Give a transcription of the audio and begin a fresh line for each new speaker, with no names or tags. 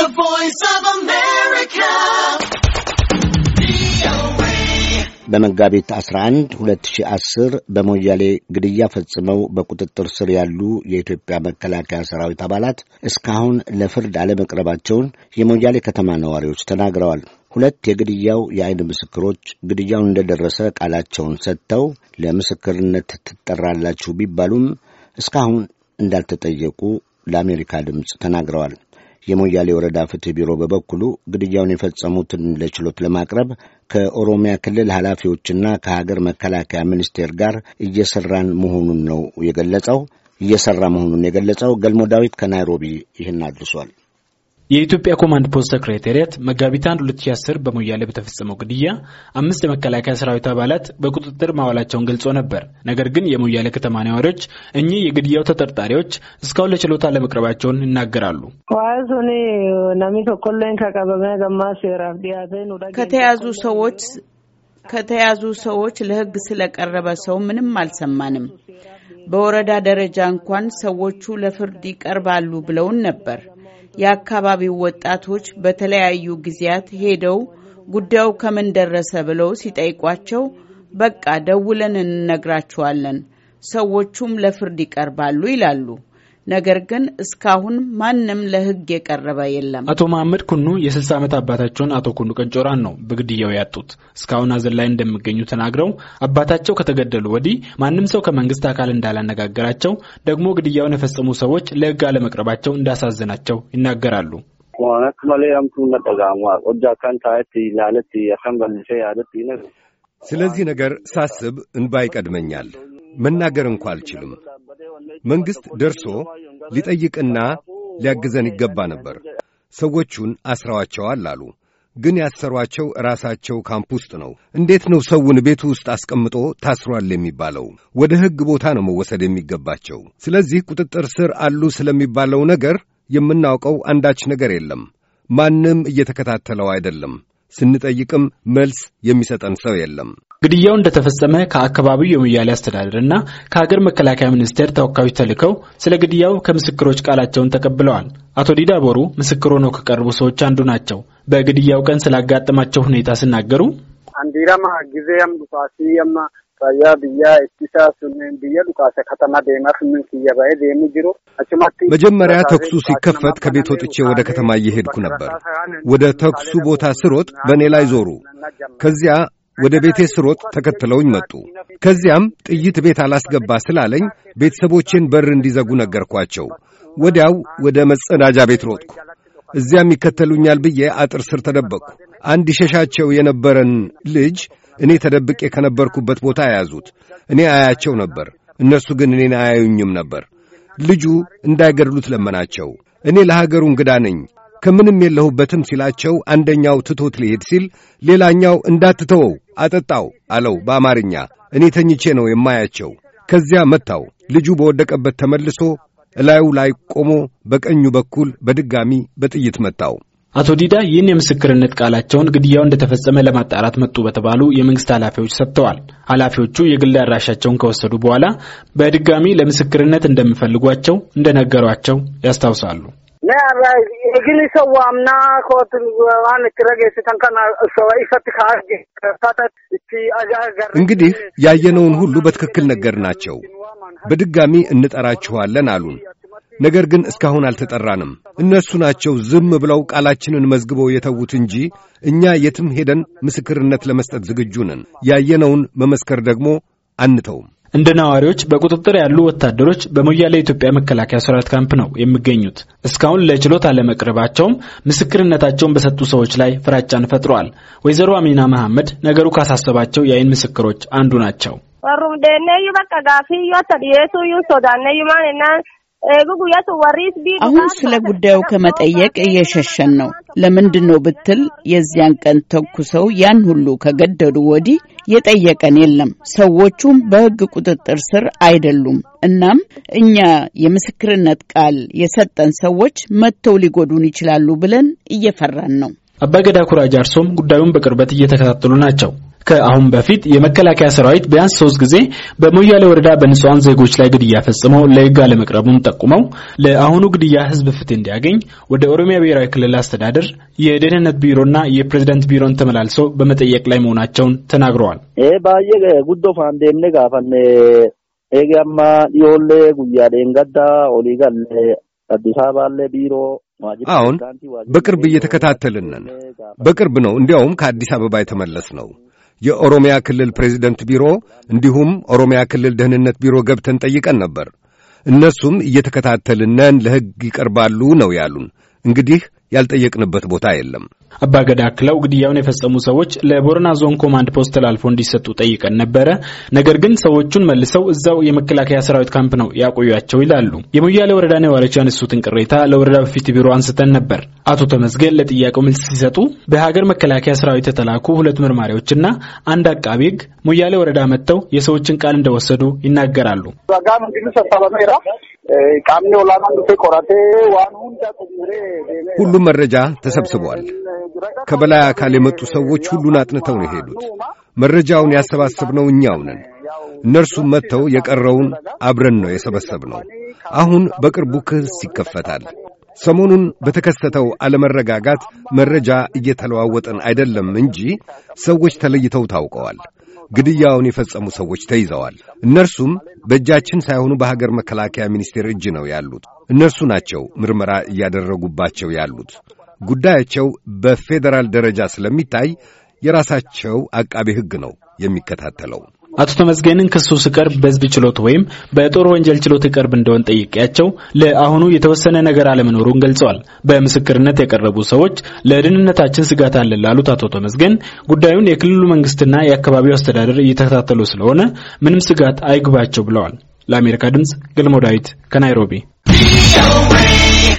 The Voice of America.
በመጋቢት 11 2010 በሞያሌ ግድያ ፈጽመው በቁጥጥር ስር ያሉ የኢትዮጵያ መከላከያ ሰራዊት አባላት እስካሁን ለፍርድ አለመቅረባቸውን የሞያሌ ከተማ ነዋሪዎች ተናግረዋል። ሁለት የግድያው የአይን ምስክሮች ግድያውን እንደደረሰ ቃላቸውን ሰጥተው ለምስክርነት ትጠራላችሁ ቢባሉም እስካሁን እንዳልተጠየቁ ለአሜሪካ ድምፅ ተናግረዋል። የሞያሌ ወረዳ ፍትህ ቢሮ በበኩሉ ግድያውን የፈጸሙትን ለችሎት ለማቅረብ ከኦሮሚያ ክልል ኃላፊዎችና ከሀገር መከላከያ ሚኒስቴር ጋር እየሰራን መሆኑን ነው የገለጸው እየሰራ መሆኑን የገለጸው ገልሞ ዳዊት ከናይሮቢ ይህን አድርሷል።
የኢትዮጵያ ኮማንድ ፖስት ሰክሬታሪያት መጋቢት 1 2010 በሞያሌ በተፈጸመው ግድያ አምስት የመከላከያ ሰራዊት አባላት በቁጥጥር ማዋላቸውን ገልጾ ነበር። ነገር ግን የሞያሌ ከተማ ነዋሪዎች እኚህ የግድያው ተጠርጣሪዎች እስካሁን ለችሎታ ለመቅረባቸውን ይናገራሉ። ከተያዙ ሰዎች ከተያዙ ሰዎች ለሕግ ስለቀረበ ሰው ምንም አልሰማንም። በወረዳ ደረጃ እንኳን ሰዎቹ ለፍርድ ይቀርባሉ ብለውን ነበር። የአካባቢው ወጣቶች በተለያዩ ጊዜያት ሄደው ጉዳዩ ከምን ደረሰ ብለው ሲጠይቋቸው በቃ ደውለን እንነግራችኋለን፣ ሰዎቹም ለፍርድ ይቀርባሉ ይላሉ። ነገር ግን እስካሁን ማንም ለህግ የቀረበ የለም። አቶ መሐመድ ኩኑ የ60 ዓመት አባታቸውን አቶ ኩኑ ቀንጮራን ነው በግድያው ያጡት። እስካሁን አዘን ላይ እንደሚገኙ ተናግረው አባታቸው ከተገደሉ ወዲህ ማንም ሰው ከመንግስት አካል እንዳላነጋገራቸው፣ ደግሞ ግድያውን የፈጸሙ ሰዎች ለህግ አለመቅረባቸው እንዳሳዘናቸው ይናገራሉ።
ስለዚህ ነገር ሳስብ እንባ ይቀድመኛል። መናገር እንኳ አልችልም። መንግሥት ደርሶ ሊጠይቅና ሊያግዘን ይገባ ነበር። ሰዎቹን አስረዋቸዋል አሉ። ግን ያሰሯቸው ራሳቸው ካምፕ ውስጥ ነው። እንዴት ነው ሰውን ቤቱ ውስጥ አስቀምጦ ታስሯል የሚባለው? ወደ ሕግ ቦታ ነው መወሰድ የሚገባቸው። ስለዚህ ቁጥጥር ስር አሉ ስለሚባለው ነገር የምናውቀው አንዳች ነገር የለም። ማንም እየተከታተለው አይደለም። ስንጠይቅም መልስ የሚሰጠን ሰው የለም። ግድያው እንደተፈጸመ ከአካባቢው የሞያሌ አስተዳደር እና ከሀገር መከላከያ ሚኒስቴር
ተወካዮች ተልከው ስለ ግድያው ከምስክሮች ቃላቸውን ተቀብለዋል። አቶ ዲዳ ቦሩ ምስክር ሆነው ከቀረቡ ሰዎች አንዱ ናቸው። በግድያው ቀን ስላጋጠማቸው ሁኔታ ሲናገሩ አንዲራማ ጊዜ ዱቃሲ ራያ ብያ ኢቲሳ ሱኔን ብያ ሉቃሰ ከተማ ደማ
ስምን ክየባኤ ደሚ ጅሮ መጀመሪያ ተኩሱ ሲከፈት ከቤት ወጥቼ ወደ ከተማ እየሄድኩ ነበር። ወደ ተኩሱ ቦታ ስሮጥ በእኔ ላይ ዞሩ። ከዚያ ወደ ቤቴ ስሮጥ ተከትለውኝ መጡ። ከዚያም ጥይት ቤት አላስገባ ስላለኝ ቤተሰቦቼን በር እንዲዘጉ ነገርኳቸው። ወዲያው ወደ መጸዳጃ ቤት ሮጥኩ። እዚያም ይከተሉኛል ብዬ አጥር ስር ተደበቅኩ። አንድ ሸሻቸው የነበረን ልጅ እኔ ተደብቄ ከነበርኩበት ቦታ ያዙት። እኔ አያቸው ነበር፣ እነርሱ ግን እኔን አያዩኝም ነበር። ልጁ እንዳይገድሉት ለመናቸው። እኔ ለሀገሩ እንግዳ ነኝ፣ ከምንም የለሁበትም ሲላቸው አንደኛው ትቶት ሊሄድ ሲል ሌላኛው እንዳትተወው አጠጣው አለው በአማርኛ። እኔ ተኝቼ ነው የማያቸው። ከዚያ መታው። ልጁ በወደቀበት ተመልሶ እላዩ ላይ ቆሞ በቀኙ በኩል በድጋሚ በጥይት
መታው። አቶ ዲዳ ይህን የምስክርነት ቃላቸውን ግድያው እንደተፈጸመ ለማጣራት መጡ በተባሉ የመንግስት ኃላፊዎች ሰጥተዋል። ኃላፊዎቹ የግል አድራሻቸውን ከወሰዱ በኋላ በድጋሚ ለምስክርነት እንደሚፈልጓቸው እንደነገሯቸው ያስታውሳሉ።
እንግዲህ ያየነውን ሁሉ በትክክል ነገር ናቸው። በድጋሚ እንጠራችኋለን አሉን። ነገር ግን እስካሁን አልተጠራንም። እነሱ ናቸው ዝም ብለው ቃላችንን መዝግበው የተዉት እንጂ እኛ የትም ሄደን ምስክርነት ለመስጠት ዝግጁ ነን። ያየነውን መመስከር ደግሞ አንተውም። እንደ ነዋሪዎች በቁጥጥር ያሉ ወታደሮች
በሞያሌ ኢትዮጵያ መከላከያ ሰራዊት ካምፕ ነው የሚገኙት። እስካሁን ለችሎት አለመቅረባቸውም ምስክርነታቸውን በሰጡ ሰዎች ላይ ፍራቻን ፈጥረዋል። ወይዘሮ አሚና መሐመድ ነገሩ ካሳሰባቸው የአይን ምስክሮች አንዱ ናቸው። አሁን ስለ ጉዳዩ ከመጠየቅ እየሸሸን ነው። ለምንድን ነው ብትል የዚያን ቀን ተኩሰው ያን ሁሉ ከገደሉ ወዲህ የጠየቀን የለም። ሰዎቹም በሕግ ቁጥጥር ስር አይደሉም። እናም እኛ የምስክርነት ቃል የሰጠን ሰዎች መጥተው ሊጎዱን ይችላሉ ብለን እየፈራን ነው። አባገዳ ኩራጅ አርሶም ጉዳዩን በቅርበት እየተከታተሉ ናቸው። ከአሁን በፊት የመከላከያ ሰራዊት ቢያንስ ሶስት ጊዜ በሞያሌ ወረዳ በንጹሐን ዜጎች ላይ ግድያ ፈጽሞ ለሕግ አለመቅረቡን ጠቁመው ለአሁኑ ግድያ ሕዝብ ፍትህ እንዲያገኝ ወደ ኦሮሚያ ብሔራዊ ክልል አስተዳደር የደህንነት ቢሮና የፕሬዝዳንት ቢሮን ተመላልሰው በመጠየቅ ላይ መሆናቸውን ተናግረዋል። ባየ ጉዶፋ እንደምነ ጋፋነ ኤጋማ ዮሌ ጉያ ደንገዳ ኦሊጋለ አዲስ አበባ አለ ቢሮ አሁን በቅርብ
እየተከታተልን በቅርብ ነው እንዲያውም ከአዲስ አበባ የተመለስ ነው የኦሮሚያ ክልል ፕሬዚደንት ቢሮ እንዲሁም ኦሮሚያ ክልል ደህንነት ቢሮ ገብተን ጠይቀን ነበር። እነሱም እየተከታተልነን ለሕግ ይቀርባሉ ነው ያሉን። እንግዲህ ያልጠየቅንበት ቦታ የለም። አባገዳ አክለው ግድያውን የፈጸሙ ሰዎች ለቦረና ዞን ኮማንድ ፖስት ተላልፎ
እንዲሰጡ ጠይቀን ነበረ። ነገር ግን ሰዎቹን መልሰው እዛው የመከላከያ ሰራዊት ካምፕ ነው ያቆያቸው ይላሉ። የሞያሌ ወረዳ ነዋሪዎች ያነሱትን ቅሬታ ለወረዳ በፊት ቢሮ አንስተን ነበር። አቶ ተመዝገን ለጥያቄው መልስ ሲሰጡ በሀገር መከላከያ ሰራዊት የተላኩ ሁለት ምርማሪዎችና አንድ አቃቢ ሕግ ሞያሌ ወረዳ መጥተው የሰዎችን ቃል እንደወሰዱ ይናገራሉ።
ሁሉም መረጃ ተሰብስቧል። ከበላይ አካል የመጡ ሰዎች ሁሉን አጥንተው ነው የሄዱት። መረጃውን ያሰባሰብነው እኛው ነን። እነርሱም መጥተው የቀረውን አብረን ነው የሰበሰብነው። አሁን በቅርቡ ክስ ይከፈታል። ሰሞኑን በተከሰተው አለመረጋጋት መረጃ እየተለዋወጥን አይደለም እንጂ ሰዎች ተለይተው ታውቀዋል። ግድያውን የፈጸሙ ሰዎች ተይዘዋል። እነርሱም በእጃችን ሳይሆኑ በሀገር መከላከያ ሚኒስቴር እጅ ነው ያሉት። እነርሱ ናቸው ምርመራ እያደረጉባቸው ያሉት። ጉዳያቸው በፌዴራል ደረጃ ስለሚታይ የራሳቸው አቃቤ ሕግ ነው የሚከታተለው። አቶ ተመስገንን ክሱ ስቀርብ በህዝብ ችሎት ወይም በጦር ወንጀል ችሎት
ይቀርብ እንደሆን ጠይቄያቸው ለአሁኑ የተወሰነ ነገር አለመኖሩን ገልጸዋል። በምስክርነት የቀረቡ ሰዎች ለደህንነታችን ስጋት አለ ላሉት አቶ ተመስገን ጉዳዩን የክልሉ መንግስትና የአካባቢው አስተዳደር እየተከታተሉ ስለሆነ ምንም ስጋት አይግባቸው ብለዋል። ለአሜሪካ ድምፅ ገልሞ ዳዊት ከናይሮቢ